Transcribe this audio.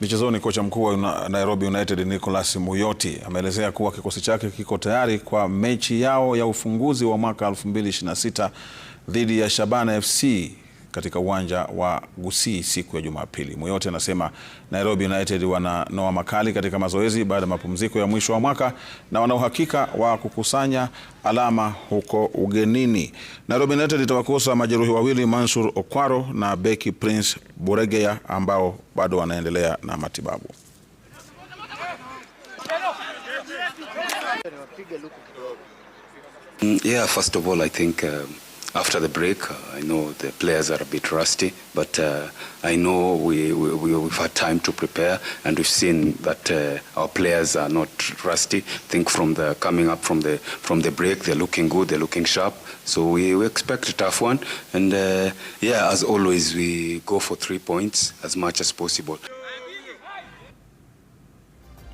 Michezoni, kocha mkuu wa Nairobi United Nicholas Muyoti ameelezea kuwa kikosi chake kiko tayari kwa mechi yao ya ufunguzi wa mwaka 2026 dhidi ya Shabana FC katika uwanja wa Gusii siku ya Jumapili. Muyote anasema Nairobi United wananoa makali katika mazoezi baada ya mapumziko ya mwisho wa mwaka na wana uhakika wa kukusanya alama huko ugenini. Nairobi United itawakosa majeruhi wawili Mansur Okwaro na beki Prince Buregeya ambao bado wanaendelea na matibabu. Mm, yeah, first of all, I think, um, after the break, I know the players are a bit rusty, but uh, I know we, we, have had time to prepare, and we've seen that uh, our players are not rusty. I think from the coming up from the from the break, they're looking good, they're looking sharp. So we, we expect a tough one, and uh, yeah, as always, we go for three points as much as possible.